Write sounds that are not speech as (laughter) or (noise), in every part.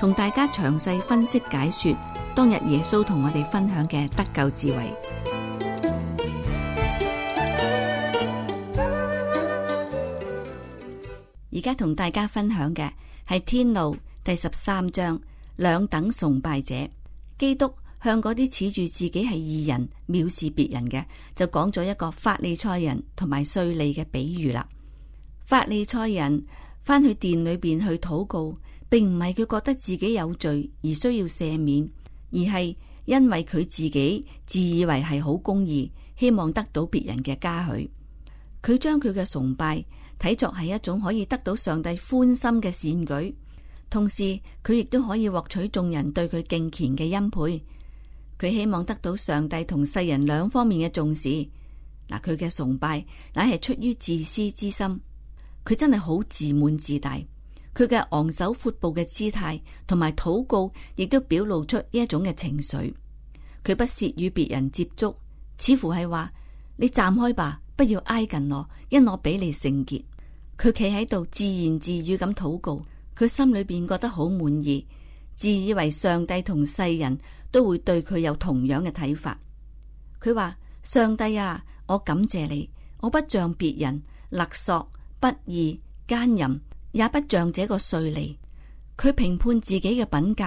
同大家詳細分析解說當日耶穌同我哋分享嘅得救智慧。而家同大家分享嘅係《天路》第十三章兩等崇拜者。基督向嗰啲恃住自己係義人，藐視別人嘅，就講咗一個法利賽人同埋稅吏嘅比喻啦。法利賽人返去殿裏邊去禱告。並唔係佢覺得自己有罪而需要赦免，而係因為佢自己自以為係好公義，希望得到別人嘅嘉許。佢將佢嘅崇拜睇作係一種可以得到上帝歡心嘅善舉，同時佢亦都可以獲取眾人對佢敬虔嘅欽佩。佢希望得到上帝同世人兩方面嘅重視。嗱，佢嘅崇拜乃係出於自私之心，佢真係好自滿自大。佢嘅昂首闊步嘅姿態，同埋禱告，亦都表露出呢一種嘅情緒。佢不屑與別人接觸，似乎係話你站開吧，不要挨近我，因我比你聖潔。佢企喺度自言自語咁禱告，佢心裏邊覺得好滿意，自以為上帝同世人都會對佢有同樣嘅睇法。佢話：上帝啊，我感謝你，我不像別人勒索、不義、姦淫。也不像這個稅吏，佢評判自己嘅品格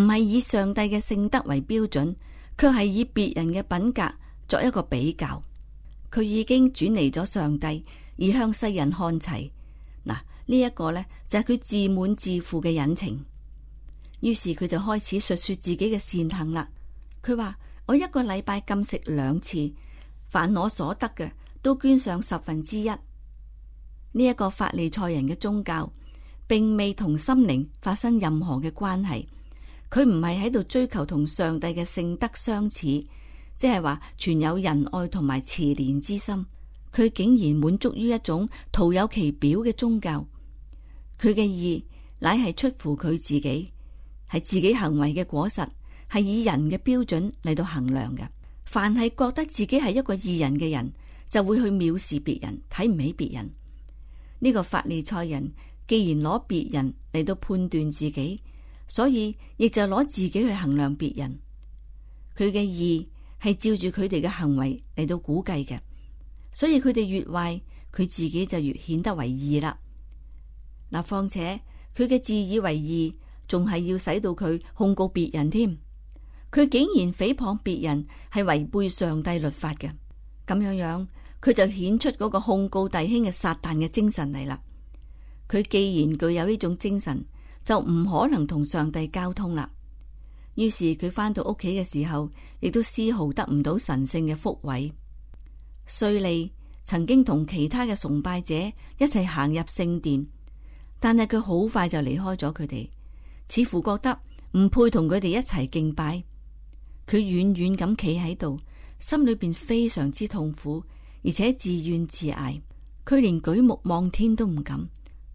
唔係以上帝嘅性德為標準，卻係以別人嘅品格作一個比較。佢已經轉離咗上帝，而向世人看齊。嗱，這個、呢一個咧就係、是、佢自滿自負嘅隱情。於是佢就開始述說自己嘅善行啦。佢話：我一個禮拜禁食兩次，凡我所得嘅都捐上十分之一。呢一個法利賽人嘅宗教，並未同心靈發生任何嘅關係。佢唔係喺度追求同上帝嘅性德相似，即係話存有仁愛同埋慈憐之心。佢竟然滿足於一種徒有其表嘅宗教。佢嘅義乃係出乎佢自己，係自己行為嘅果實，係以人嘅標準嚟到衡量嘅。凡係覺得自己係一個義人嘅人，就會去藐視別人，睇唔起別人。呢個法利賽人既然攞別人嚟到判斷自己，所以亦就攞自己去衡量別人。佢嘅義係照住佢哋嘅行為嚟到估計嘅，所以佢哋越壞，佢自己就越顯得為義啦。嗱，況且佢嘅自以為義，仲係要使到佢控告別人添。佢竟然誹謗別人，係違背上帝律法嘅，咁樣樣。佢就顯出嗰個控告弟兄嘅撒旦嘅精神嚟啦。佢既然具有呢種精神，就唔可能同上帝交通啦。於是佢翻到屋企嘅時候，亦都絲毫得唔到神聖嘅福惠。瑞利曾經同其他嘅崇拜者一齊行入聖殿，但係佢好快就離開咗佢哋，似乎覺得唔配同佢哋一齊敬拜。佢遠遠咁企喺度，心裏邊非常之痛苦。而且自怨自艾，佢連舉目望天都唔敢，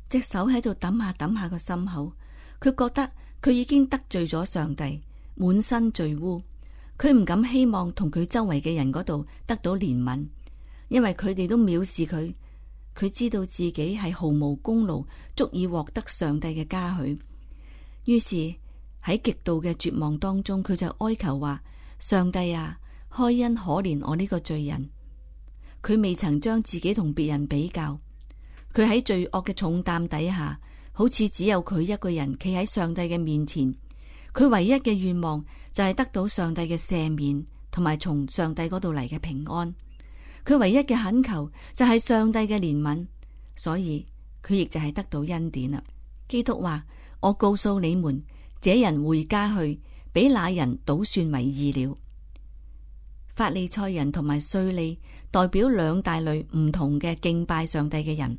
隻手喺度抌下抌下個心口。佢覺得佢已經得罪咗上帝，滿身罪污，佢唔敢希望同佢周圍嘅人嗰度得到憐憫，因為佢哋都藐視佢。佢知道自己係毫無功勞，足以獲得上帝嘅嘉許。於是喺極度嘅絕望當中，佢就哀求話：上帝啊，開恩可憐我呢個罪人！佢未曾將自己同別人比較，佢喺罪惡嘅重擔底下，好似只有佢一個人企喺上帝嘅面前。佢唯一嘅願望就係得到上帝嘅赦免，同埋從上帝嗰度嚟嘅平安。佢唯一嘅懇求就係上帝嘅憐憫，所以佢亦就係得到恩典啦。基督話：我告訴你們，這人回家去，比那人倒算為義了。法利賽人同埋稅吏代表兩大類唔同嘅敬拜上帝嘅人，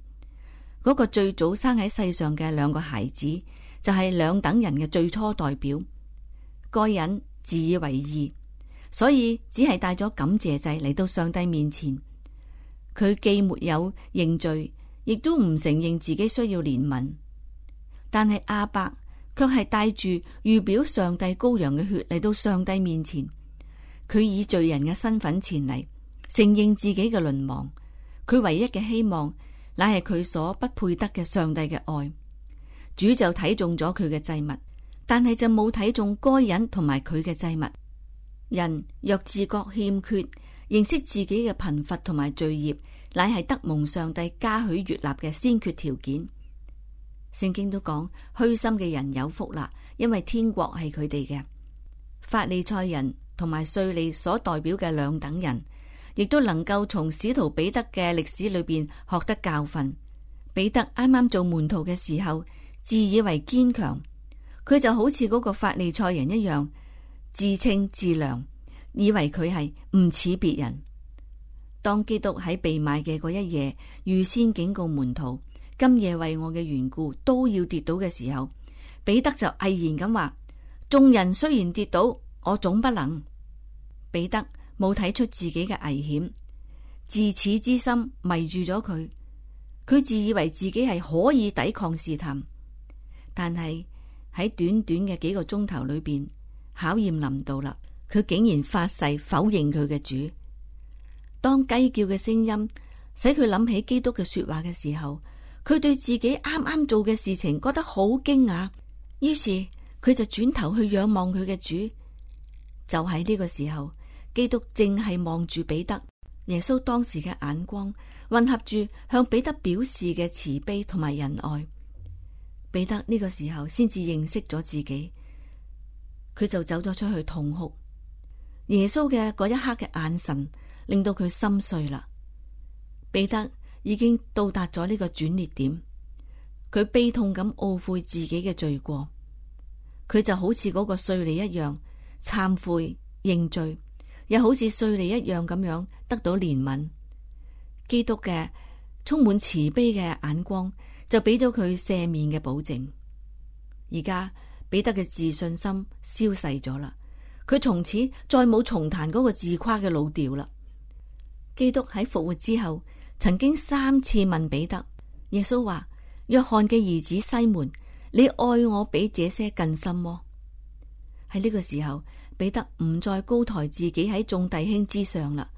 嗰、那個最早生喺世上嘅兩個孩子就係、是、兩等人嘅最初代表。個人自以為義，所以只係帶咗感謝祭嚟到上帝面前。佢既沒有認罪，亦都唔承認自己需要憐憫。但係阿伯卻係帶住預表上帝羔羊嘅血嚟到上帝面前。佢以罪人嘅身份前嚟，承認自己嘅淪亡。佢唯一嘅希望，乃係佢所不配得嘅上帝嘅愛。主就睇中咗佢嘅祭物，但係就冇睇中該人同埋佢嘅祭物。人若自覺欠缺，認識自己嘅貧乏同埋罪孽，乃係得蒙上帝加許悅納嘅先決條件。聖經都講虛心嘅人有福啦，因為天國係佢哋嘅。法利賽人。同埋敘利所代表嘅兩等人，亦都能夠從使徒彼得嘅歷史裏邊學得教訓。彼得啱啱做門徒嘅時候，自以為堅強，佢就好似嗰個法利賽人一樣，自稱自良，以為佢係唔似別人。當基督喺被賣嘅嗰一夜，預先警告門徒今夜為我嘅緣故都要跌倒嘅時候，彼得就毅然咁話：眾人雖然跌倒，我總不能。彼得冇睇出自己嘅危險，自恃之心迷住咗佢。佢自以為自己係可以抵抗試探，但係喺短短嘅幾個鐘頭裏邊，考驗臨到啦。佢竟然發誓否認佢嘅主。當雞叫嘅聲音使佢諗起基督嘅說話嘅時候，佢對自己啱啱做嘅事情覺得好驚訝，於是佢就轉頭去仰望佢嘅主。就喺呢個時候。基督淨係望住彼得，耶穌當時嘅眼光混合住向彼得表示嘅慈悲同埋仁愛。彼得呢個時候先至認識咗自己，佢就走咗出去痛哭。耶穌嘅嗰一刻嘅眼神令到佢心碎啦。彼得已經到達咗呢個轉捩點，佢悲痛咁懊悔自己嘅罪過，佢就好似嗰個稅吏一樣懺悔認罪。又好似稅吏一樣咁樣得到憐憫，基督嘅充滿慈悲嘅眼光就俾咗佢赦免嘅保證。而家彼得嘅自信心消逝咗啦，佢從此再冇重彈嗰個自誇嘅老調啦。基督喺復活之後，曾經三次問彼得：耶穌話，約翰嘅兒子西門，你愛我比這些更深麼、哦？喺呢個時候。彼得唔再高抬自己喺眾弟兄之上啦，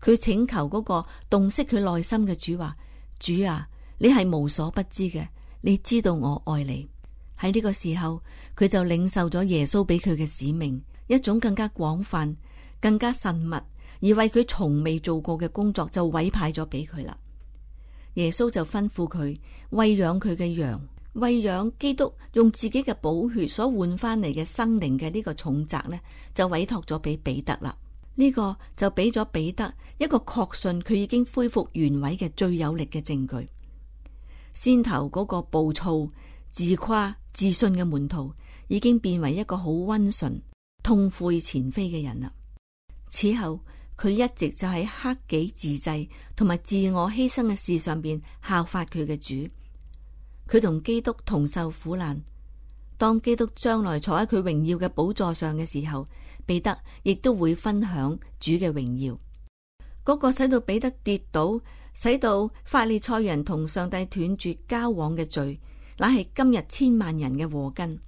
佢請求嗰個洞悉佢內心嘅主話：主啊，你係無所不知嘅，你知道我愛你。喺呢個時候，佢就領受咗耶穌俾佢嘅使命，一種更加廣泛、更加慎密而為佢從未做過嘅工作，就委派咗俾佢啦。耶穌就吩咐佢喂養佢嘅羊。餵養基督用自己嘅寶血所換翻嚟嘅生靈嘅呢個重責呢，就委託咗俾彼得啦。呢個就俾咗彼得一個確信佢已經恢復原位嘅最有力嘅證據。先頭嗰個暴躁、自誇、自信嘅門徒，已經變為一個好溫順、痛悔前非嘅人啦。此後佢一直就喺克己自制同埋自我犧牲嘅事上邊效法佢嘅主。佢同基督同受苦難，當基督將來坐喺佢榮耀嘅寶座上嘅時候，彼得亦都會分享主嘅榮耀。嗰個使到彼得跌倒，使到法利賽人同上帝斷絕交往嘅罪，乃係今日千萬人嘅禍根。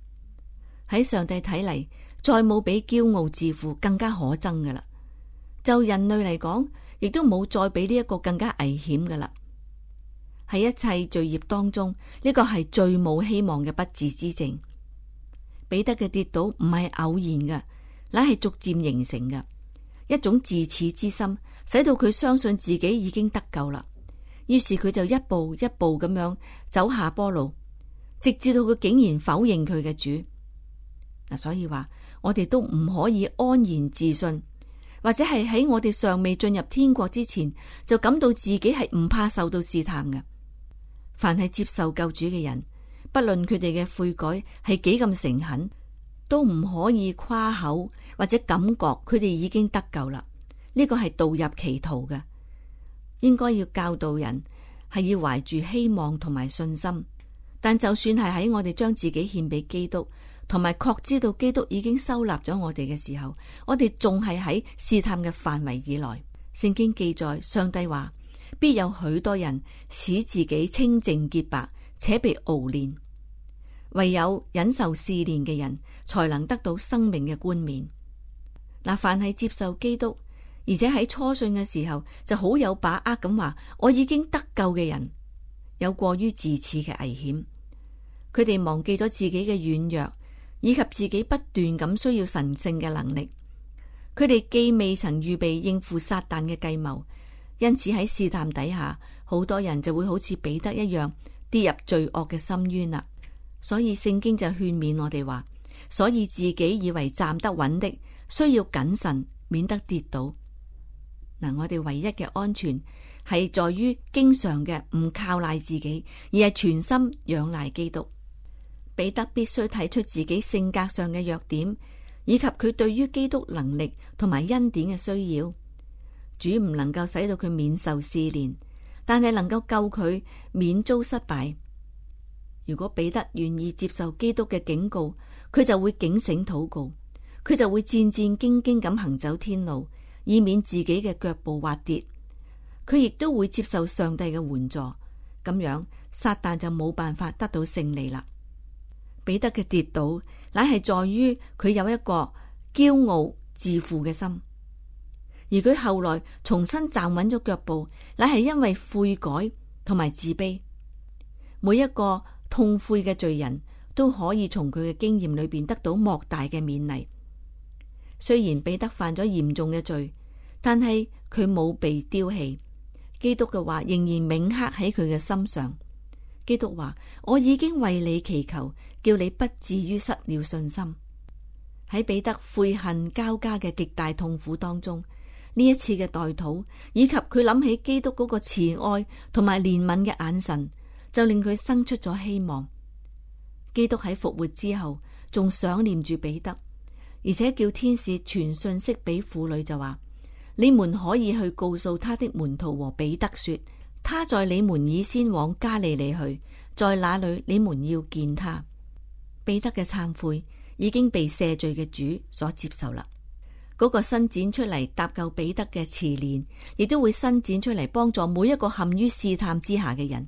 喺上帝睇嚟，再冇比驕傲自負更加可憎㗎喇。就人類嚟講，亦都冇再比呢一個更加危險㗎喇。喺一切罪孽當中，呢個係最冇希望嘅不治之症。彼得嘅跌倒唔係偶然噶，乃係逐漸形成嘅一種自恃之心，使到佢相信自己已經得救啦。於是佢就一步一步咁樣走下坡路，直至到佢竟然否認佢嘅主嗱。所以話我哋都唔可以安然自信，或者係喺我哋尚未進入天國之前，就感到自己係唔怕受到試探嘅。凡係接受救主嘅人，不論佢哋嘅悔改係幾咁誠懇，都唔可以誇口或者感覺佢哋已經得救啦。呢、呢個係導入歧途嘅，應該要教導人係要懷住希望同埋信心。但就算係喺我哋將自己獻俾基督，同埋確知道基督已經收納咗我哋嘅時候，我哋仲係喺試探嘅範圍以內。聖經記載，上帝話。必有許多人使自己清淨潔白，且被熬煉；唯有忍受試煉嘅人才能得到生命嘅冠冕。嗱，凡係接受基督，而且喺初信嘅時候就好有把握咁話，我已經得救嘅人，有過於自恃嘅危險。佢哋忘記咗自己嘅軟弱，以及自己不斷咁需要神聖嘅能力。佢哋既未曾預備應付撒旦嘅計謀。因此喺試探底下，好多人就會好似彼得一樣跌入罪惡嘅深淵啦。所以聖經就勸勉我哋話：所以自己以為站得穩的，需要謹慎，免得跌倒。嗱，我哋唯一嘅安全係在於經常嘅唔靠賴自己，而係全心仰賴基督。彼得必須睇出自己性格上嘅弱點，以及佢對於基督能力同埋恩典嘅需要。主唔能夠使到佢免受試煉，但係能夠救佢免遭失敗。如果彼得願意接受基督嘅警告，佢就會警醒禱告，佢就會戰戰兢兢咁行走天路，以免自己嘅腳步滑跌。佢亦都會接受上帝嘅援助，咁樣撒旦就冇辦法得到勝利啦。彼得嘅跌倒，乃係在於佢有一個驕傲自負嘅心。而佢後來重新站穩咗腳步，乃係因為悔改同埋自卑。每一個痛悔嘅罪人都可以從佢嘅經驗裏邊得到莫大嘅勉勵。雖然彼得犯咗嚴重嘅罪，但係佢冇被丟棄。基督嘅話仍然銘刻喺佢嘅心上。基督話：我已經為你祈求，叫你不至於失了信心。喺彼得悔恨交加嘅極大痛苦當中，呢一次嘅代禱，以及佢諗起基督嗰個慈愛同埋憐憫嘅眼神，就令佢生出咗希望。基督喺復活之後，仲想念住彼得，而且叫天使傳信息俾婦女就，就話：你們可以去告訴他的門徒和彼得說，他在你們以先往加利利去，在那裏你們要見他。彼得嘅懺悔已經被赦罪嘅主所接受啦。嗰個伸展出嚟搭救彼得嘅慈憐，亦都會伸展出嚟幫助每一個陷於試探之下嘅人。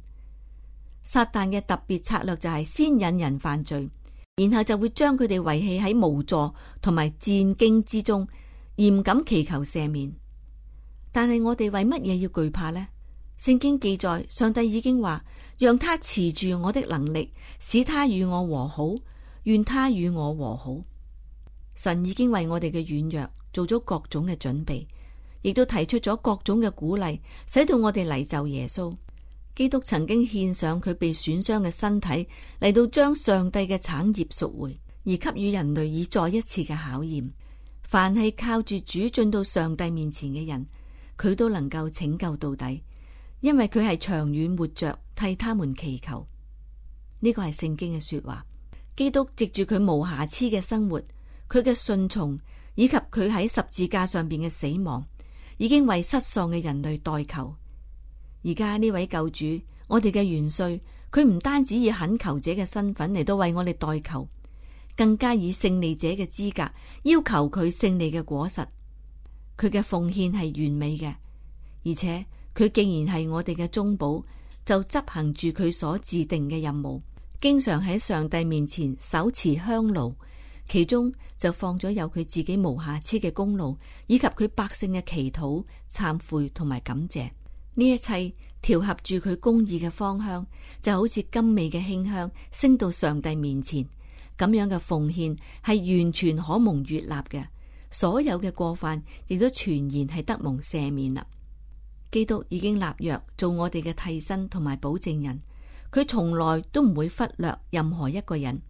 撒旦嘅特別策略就係先引人犯罪，然後就會將佢哋遺棄喺無助同埋戰驚之中，嚴緊祈求赦免。但係我哋為乜嘢要懼怕呢？聖經記載，上帝已經話，讓他持住我的能力，使他與我和好，願他與我和好。神已經為我哋嘅軟弱。做咗各種嘅準備，亦都提出咗各種嘅鼓勵，使到我哋嚟就耶穌。基督曾經獻上佢被損傷嘅身體，嚟到將上帝嘅產業贖回，而給予人類以再一次嘅考驗。凡係靠住主進到上帝面前嘅人，佢都能夠拯救到底，因為佢係長遠活着替他們祈求。呢、這個係聖經嘅說話。基督藉住佢無瑕疵嘅生活，佢嘅信從。以及佢喺十字架上邊嘅死亡，已經為失喪嘅人類代求。而家呢位救主，我哋嘅元帥，佢唔單止以懇求者嘅身份嚟到為我哋代求，更加以勝利者嘅資格要求佢勝利嘅果實。佢嘅奉獻係完美嘅，而且佢既然係我哋嘅中保，就執行住佢所制定嘅任務，經常喺上帝面前手持香爐。其中就放咗有佢自己無瑕疵嘅功勞，以及佢百姓嘅祈禱、懺悔同埋感謝。呢一切調合住佢公義嘅方向，就好似甘美嘅馨香升到上帝面前。咁樣嘅奉獻係完全可蒙悅納嘅，所有嘅過犯亦都全然係得蒙赦免啦。基督已經立約做我哋嘅替身同埋保證人，佢從來都唔會忽略任何一個人。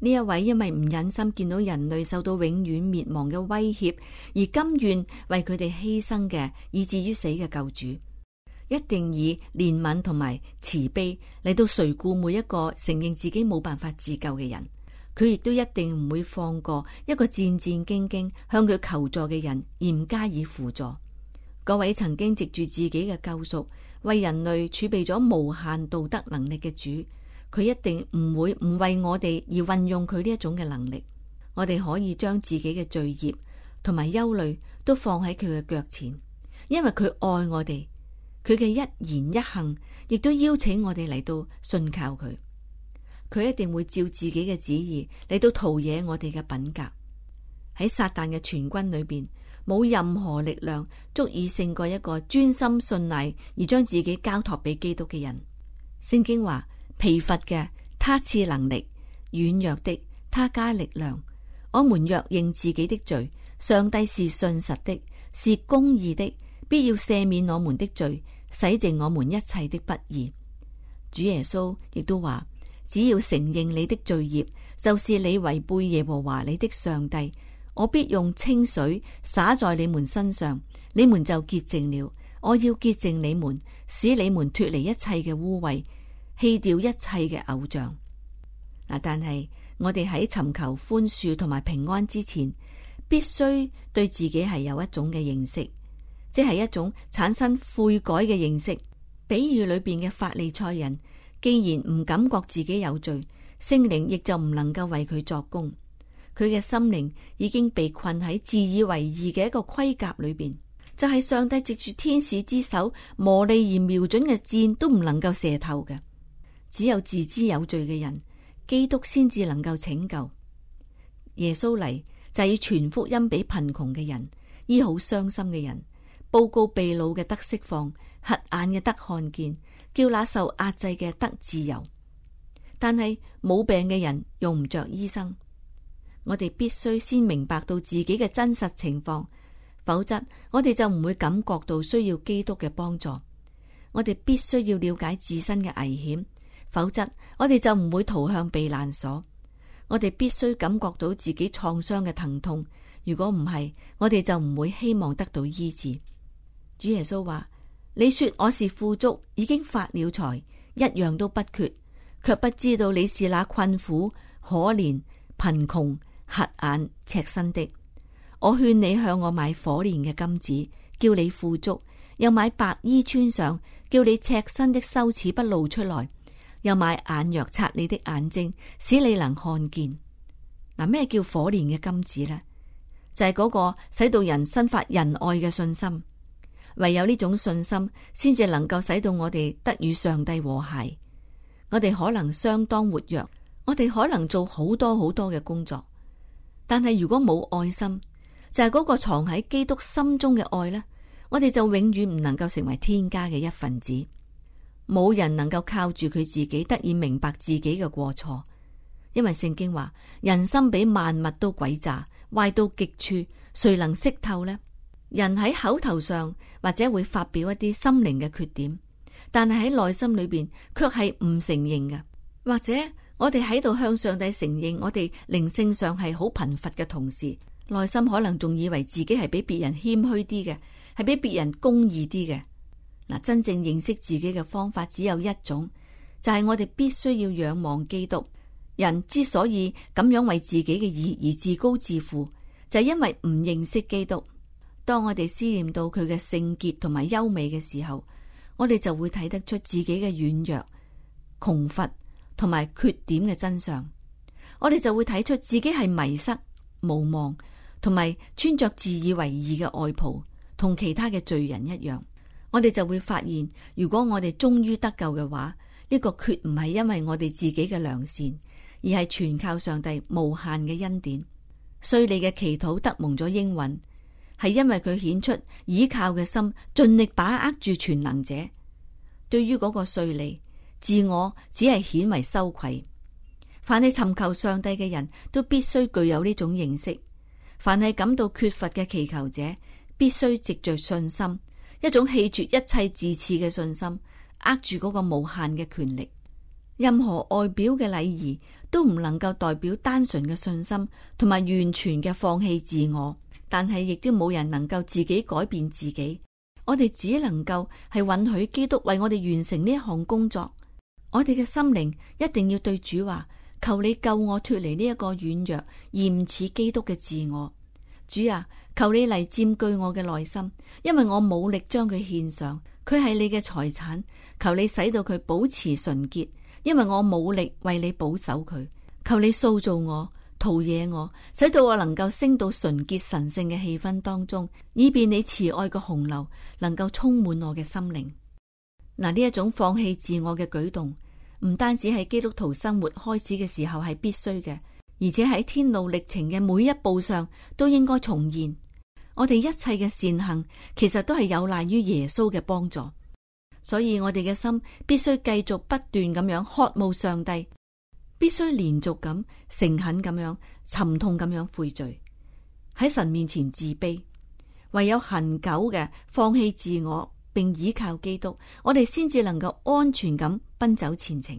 呢一位因為唔忍心見到人類受到永遠滅亡嘅威脅，而甘願為佢哋犧牲嘅，以至於死嘅救主，一定以憐憫同埋慈悲嚟到垂顧每一個承認自己冇辦法自救嘅人。佢亦都一定唔會放過一個戰戰兢兢向佢求助嘅人，而唔加以輔助。各位曾經藉住自己嘅救贖，為人類儲備咗無限道德能力嘅主。佢一定唔會唔為我哋而運用佢呢一種嘅能力。我哋可以將自己嘅罪孽同埋憂慮都放喺佢嘅腳前，因為佢愛我哋。佢嘅一言一行亦都邀請我哋嚟到信靠佢。佢一定會照自己嘅旨意嚟到陶冶我哋嘅品格。喺撒旦嘅全軍裏邊，冇任何力量足以勝過一個專心信賴而將自己交託俾基督嘅人。聖經話。疲乏嘅他賜能力，軟弱的他加力量。我們若認自己的罪，上帝是信實的，是公義的，必要赦免我們的罪，洗淨我們一切的不義。主耶穌亦都話：只要承認你的罪孽，就是你違背耶和華你的上帝，我必用清水灑在你們身上，你們就潔淨了。我要潔淨你們，使你們脫離一切嘅污穢。棄掉一切嘅偶像嗱，但係我哋喺尋求寬恕同埋平安之前，必須對自己係有一種嘅認識，即係一種產生悔改嘅認識。比喻裏邊嘅法利賽人，既然唔感覺自己有罪，聖靈亦就唔能夠為佢作工。佢嘅心靈已經被困喺自以為義嘅一個盔甲裏邊，就係、是、上帝藉住天使之手磨利而瞄準嘅箭，都唔能夠射透嘅。只有自知有罪嘅人，基督先至能夠拯救。耶穌嚟就是、要傳福音俾貧窮嘅人，醫好傷心嘅人，報告被擄嘅得釋放，瞎眼嘅得看見，叫那受壓制嘅得自由。但係冇病嘅人用唔着醫生。我哋必須先明白到自己嘅真實情況，否則我哋就唔會感覺到需要基督嘅幫助。我哋必須要了解自身嘅危險。否則我哋就唔會逃向避難所。我哋必須感覺到自己創傷嘅疼痛。如果唔係，我哋就唔會希望得到醫治。主耶穌話：你說我是富足，已經發了財，一樣都不缺，卻不知道你是那困苦、可憐、貧窮、瞎眼、赤身的。我勸你向我買火煉嘅金子，叫你富足；又買白衣穿上，叫你赤身的羞恥不露出來。有買眼藥擦你的眼睛，使你能看見。嗱，咩叫火煉嘅金子呢？就係、是、嗰個使到人心發人愛嘅信心。唯有呢種信心，先至能夠使到我哋得與上帝和諧。我哋可能相當活躍，我哋可能做好多好多嘅工作。但係如果冇愛心，就係、是、嗰個藏喺基督心中嘅愛呢，我哋就永遠唔能夠成為天家嘅一份子。冇人能夠靠住佢自己得以明白自己嘅過錯，因為聖經話，人心比萬物都詭詐，壞到極處，誰能識透呢？人喺口頭上或者會發表一啲心靈嘅缺點，但係喺內心裏邊卻係唔承認嘅。或者我哋喺度向上帝承認我哋靈性上係好貧乏嘅同時，內心可能仲以為自己係比別人謙虛啲嘅，係比別人公義啲嘅。嗱，真正認識自己嘅方法只有一種，就係我哋必須要仰望基督。人之所以咁樣為自己嘅意而自高自負，就係因為唔認識基督。當我哋思念到佢嘅聖潔同埋優美嘅時候，我哋就會睇得出自己嘅軟弱、窮乏同埋缺點嘅真相。我哋就會睇出自己係迷失、無望同埋穿着自以為義嘅外袍，同其他嘅罪人一樣。我哋就會發現，如果我哋終於得救嘅話，呢、這個決唔係因為我哋自己嘅良善，而係全靠上帝無限嘅恩典。稅吏嘅祈禱得蒙咗應允，係因為佢顯出倚靠嘅心，盡力把握住全能者。對於嗰個稅吏，自我只係顯為羞愧。凡係尋求上帝嘅人都必須具有呢種認識。凡係感到缺乏嘅祈求者，必須藉著信心，一種棄絕一切自恃嘅信心，握住嗰個無限嘅權力。任何外表嘅禮儀都唔能夠代表單純嘅信心，同埋完全嘅放棄自我。但係亦都冇人能夠自己改變自己。我哋只能夠係允許基督為我哋完成呢一項工作。我哋嘅心靈一定要對主話：求你救我脱離呢一個軟弱而唔似基督嘅自我。主啊！求你嚟佔據我嘅內心，因為我冇力將佢獻上，佢係你嘅財產。求你使到佢保持純潔，因為我冇力為你保守佢。求你塑造我、陶冶我，使到我能夠升到純潔神聖嘅氣氛當中，以便你慈愛嘅洪流能夠充滿我嘅心靈。嗱，呢一種放棄自我嘅舉動，唔單止係基督徒生活開始嘅時候係必須嘅，而且喺天路歷程嘅每一步上都應該重現。我哋一切嘅善行其實都係有賴於耶穌嘅幫助，所以我哋嘅心必須繼續不斷咁樣渴慕上帝，必須連續咁誠懇咁樣沉痛咁樣悔罪喺神面前自卑。唯有恆久嘅放棄自我，並倚靠基督，我哋先至能夠安全咁奔走前程。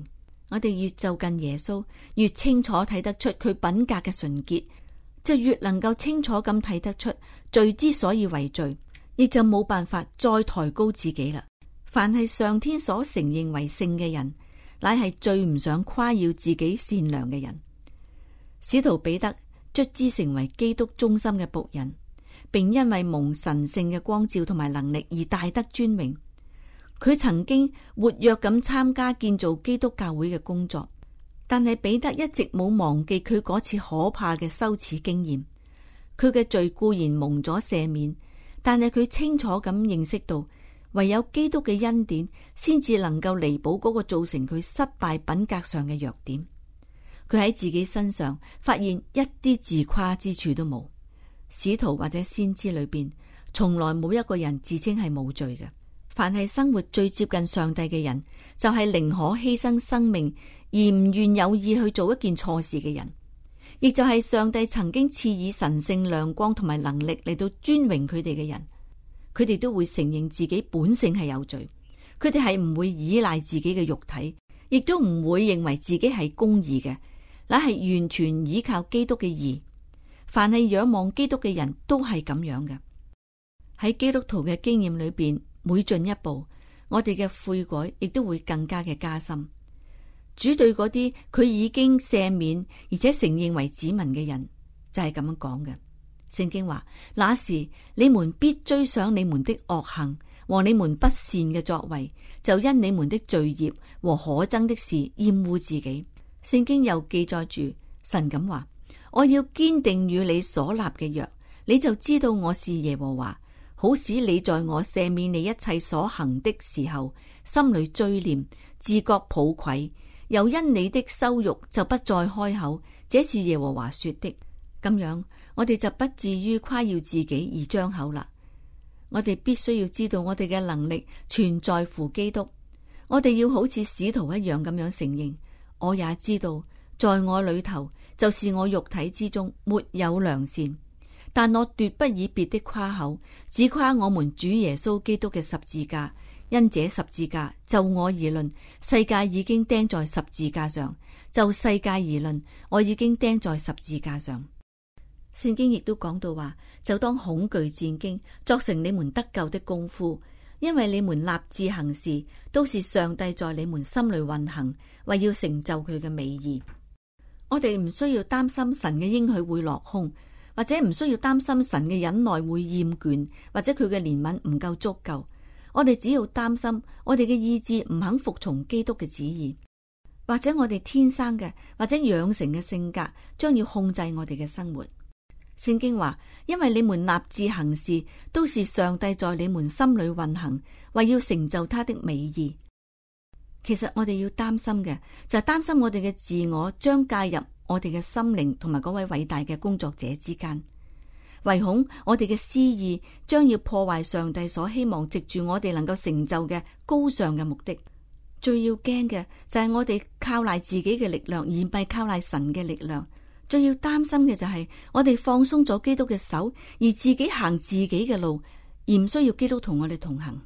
我哋越就近耶穌，越清楚睇得出佢品格嘅純潔，就越能夠清楚咁睇得出。罪之所以為罪，亦就冇辦法再抬高自己啦。凡係上天所承認為聖嘅人，乃係最唔想誇耀自己善良嘅人。使徒彼得卒之成為基督忠心嘅僕人，並因為蒙神聖嘅光照同埋能力而大得尊榮。佢曾經活躍咁參加建造基督教會嘅工作，但係彼得一直冇忘記佢嗰次可怕嘅羞恥經驗。佢嘅罪固然蒙咗赦免，但係佢清楚咁認識到，唯有基督嘅恩典先至能夠彌補嗰個造成佢失敗品格上嘅弱點。佢喺自己身上發現一啲自誇之處都冇。使徒或者先知裏邊，從來冇一個人自稱係冇罪嘅。凡係生活最接近上帝嘅人，就係寧可犧牲生命而唔願有意去做一件錯事嘅人。亦就係上帝曾經賜以神聖亮光同埋能力嚟到尊榮佢哋嘅人，佢哋都會承認自己本性係有罪，佢哋係唔會依賴自己嘅肉體，亦都唔會認為自己係公義嘅，乃係完全依靠基督嘅義。凡係仰望基督嘅人都係咁樣嘅。喺基督徒嘅經驗裏面，每進一步，我哋嘅悔改亦都會更加嘅加深。主對嗰啲佢已經赦免而且承認為子民嘅人，就係咁樣講嘅。聖經話：那時你們必追想你們的惡行和你們不善嘅作為，就因你們的罪孽和可憎的事厭惡自己。聖經又記載住神咁話：我要堅定與你所立嘅約，你就知道我是耶和華，好使你在我赦免你一切所行的時候，心裏追念自覺抱愧。又因你的羞辱就不再開口，這是耶和華說的。咁樣我哋就不至於誇耀自己而張口啦。我哋必須要知道我哋嘅能力全在乎基督。我哋要好似使徒一樣咁樣承認。我也知道在我裏頭就是我肉體之中沒有良善，但我斷不以別的誇口，只誇我們主耶穌基督嘅十字架。因這十字架，就我而論，世界已經釘在十字架上；就世界而論，我已經釘在十字架上。聖經亦都講到話：就當恐懼戰兢，作成你們得救的功夫，因為你們立志行事，都是上帝在你們心裏運行，為要成就佢嘅美意。我哋唔需要擔心神嘅應許會落空，或者唔需要擔心神嘅忍耐會厭倦，或者佢嘅憐憫唔夠足夠。我哋只要擔心，我哋嘅意志唔肯服從基督嘅旨意，或者我哋天生嘅，或者養成嘅性格，將要控制我哋嘅生活。聖經話：因為你們立志行事，都是上帝在你們心裏運行，為要成就他的美意。其實我哋要擔心嘅，就係擔心我哋嘅自我將介入我哋嘅心靈同埋嗰位偉大嘅工作者之間。唯恐我哋嘅私意將要破壞上帝所希望藉住我哋能夠成就嘅高尚嘅目的，最要驚嘅就係我哋靠賴自己嘅力量而唔係靠賴神嘅力量，最要擔心嘅就係我哋放鬆咗基督嘅手而自己行自己嘅路而唔需要基督同我哋同行。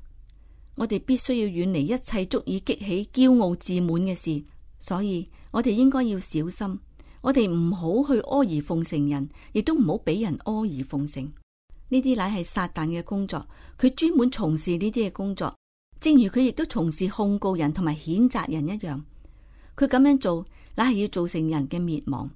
我哋必須要遠離一切足以激起驕傲自滿嘅事，所以我哋應該要小心。我哋唔好去阿諛奉承人，亦都唔好俾人阿諛奉承。呢啲乃係撒旦嘅工作，佢專門從事呢啲嘅工作。正如佢亦都從事控告人同埋譴責人一樣，佢咁樣做，乃係要造成人嘅滅亡。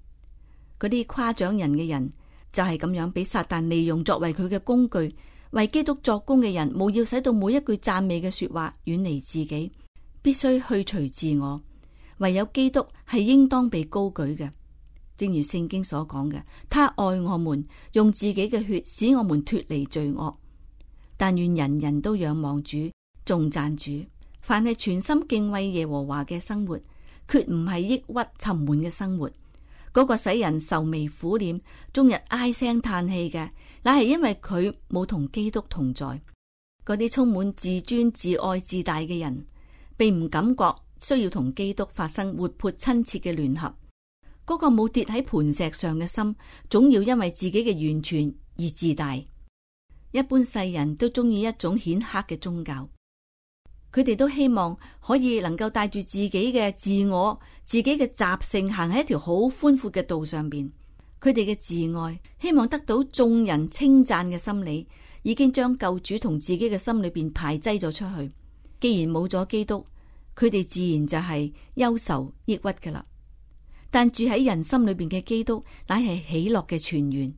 嗰啲誇獎人嘅人就係咁樣俾撒旦利用作為佢嘅工具，為基督作工嘅人，務要使到每一句讚美嘅說話遠離自己，必須去除自我。唯有基督係應當被高舉嘅。正如聖經所講嘅，他愛我們，用自己嘅血使我們脫離罪惡。但願人人都仰望主，頌讚主。凡係全心敬畏耶和華嘅生活，決唔係抑鬱沉悶嘅生活。嗰、那個使人愁眉苦臉、終日唉聲嘆氣嘅，乃係因為佢冇同基督同在。嗰啲充滿自尊、自愛、自大嘅人，並唔感覺需要同基督發生活潑親切嘅聯合。嗰個冇跌喺磐石上嘅心，總要因為自己嘅完全而自大。一般世人都中意一種顯赫嘅宗教，佢哋都希望可以能夠帶住自己嘅自我、自己嘅習性行喺一條好寬闊嘅道上邊。佢哋嘅自愛，希望得到眾人稱讚嘅心理，已經將救主同自己嘅心裏邊排擠咗出去。既然冇咗基督，佢哋自然就係憂愁抑鬱噶啦。但住喺人心裏邊嘅基督，乃係喜樂嘅泉源。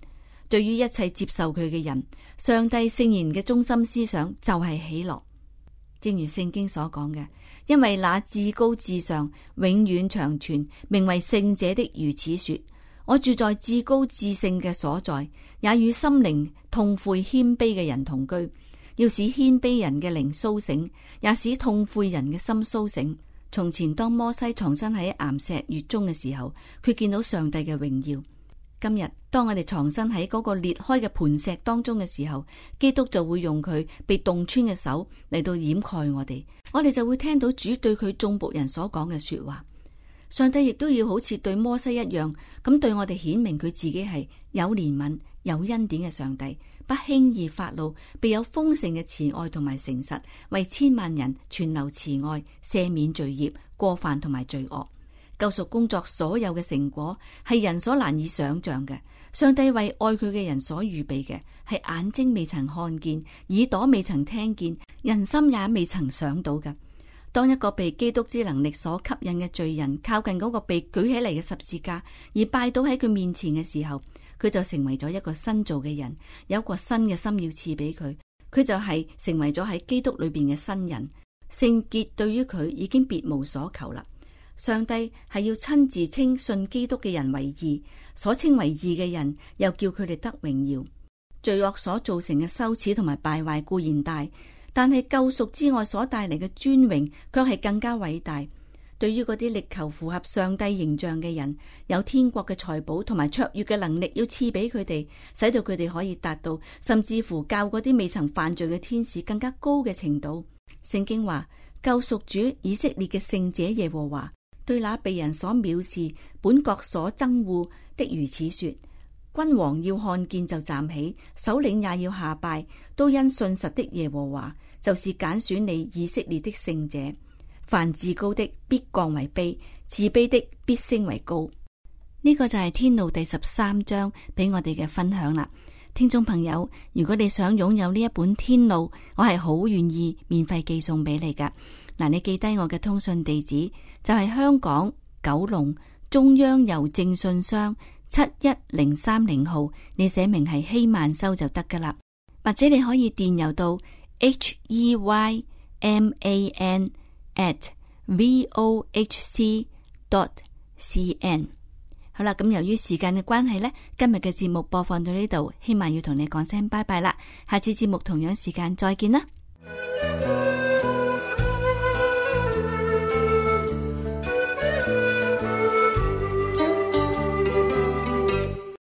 對於一切接受佢嘅人，上帝聖言嘅中心思想就係喜樂。正如聖經所講嘅，因為那至高至上、永遠長存、名為聖者的如此說：我住在至高至聖嘅所在，也與心靈痛悔謙卑嘅人同居，要使謙卑人嘅靈蘇醒，也使痛悔人嘅心蘇醒。從前當摩西藏身喺岩石月中嘅時候，佢見到上帝嘅榮耀。今日當我哋藏身喺嗰個裂開嘅磐石當中嘅時候，基督就會用佢被洞穿嘅手嚟到掩蓋我哋，我哋就會聽到主對佢眾僕人所講嘅說話。上帝亦都要好似對摩西一樣咁對我哋顯明佢自己係有憐憫、有恩典嘅上帝，不輕易發怒，備有豐盛嘅慈愛同埋誠實，為千萬人存留慈愛，赦免罪孽、過犯同埋罪惡。救贖工作所有嘅成果，係人所難以想象嘅。上帝為愛佢嘅人所預備嘅，係眼睛未曾看見，耳朵未曾聽見，人心也未曾想到嘅。當一個被基督之能力所吸引嘅罪人靠近嗰個被舉起嚟嘅十字架而拜倒喺佢面前嘅時候，佢就成為咗一個新造嘅人，有一個新嘅心要賜俾佢，佢就係成為咗喺基督裏面嘅新人。聖潔對於佢已經別無所求啦。上帝係要親自稱信基督嘅人為義，所稱為義嘅人又叫佢哋得榮耀。罪惡所造成嘅羞恥同埋敗壞固然大。但係救贖之外所帶嚟嘅尊榮，卻係更加偉大。對於嗰啲力求符合上帝形象嘅人，有天國嘅財寶同埋卓越嘅能力要賜俾佢哋，使到佢哋可以達到甚至乎教嗰啲未曾犯罪嘅天使更加高嘅程度。聖經話：救贖主以色列嘅聖者耶和華對那被人所藐視、本國所憎惡的如此說。君王要看見就站起，首領也要下拜，都因信實的耶和華，就是揀選你以色列的聖者。凡自高的必降為卑，自卑的必升為高。呢個就係天路第十三章俾我哋嘅分享啦。聽眾朋友，如果你想擁有呢一本天路，我係好願意免費寄送俾你噶。嗱，你記低我嘅通訊地址，就係香港、九龍、中央郵政信箱。七一零三零號，你寫明係希曼修就得噶啦，或者你可以電郵到 h e y m a n at v o h c dot c n。好啦，咁由於時間嘅關係呢，今日嘅節目播放到呢度，希曼要同你講聲拜拜啦，下次節目同樣時間再見啦。 (music)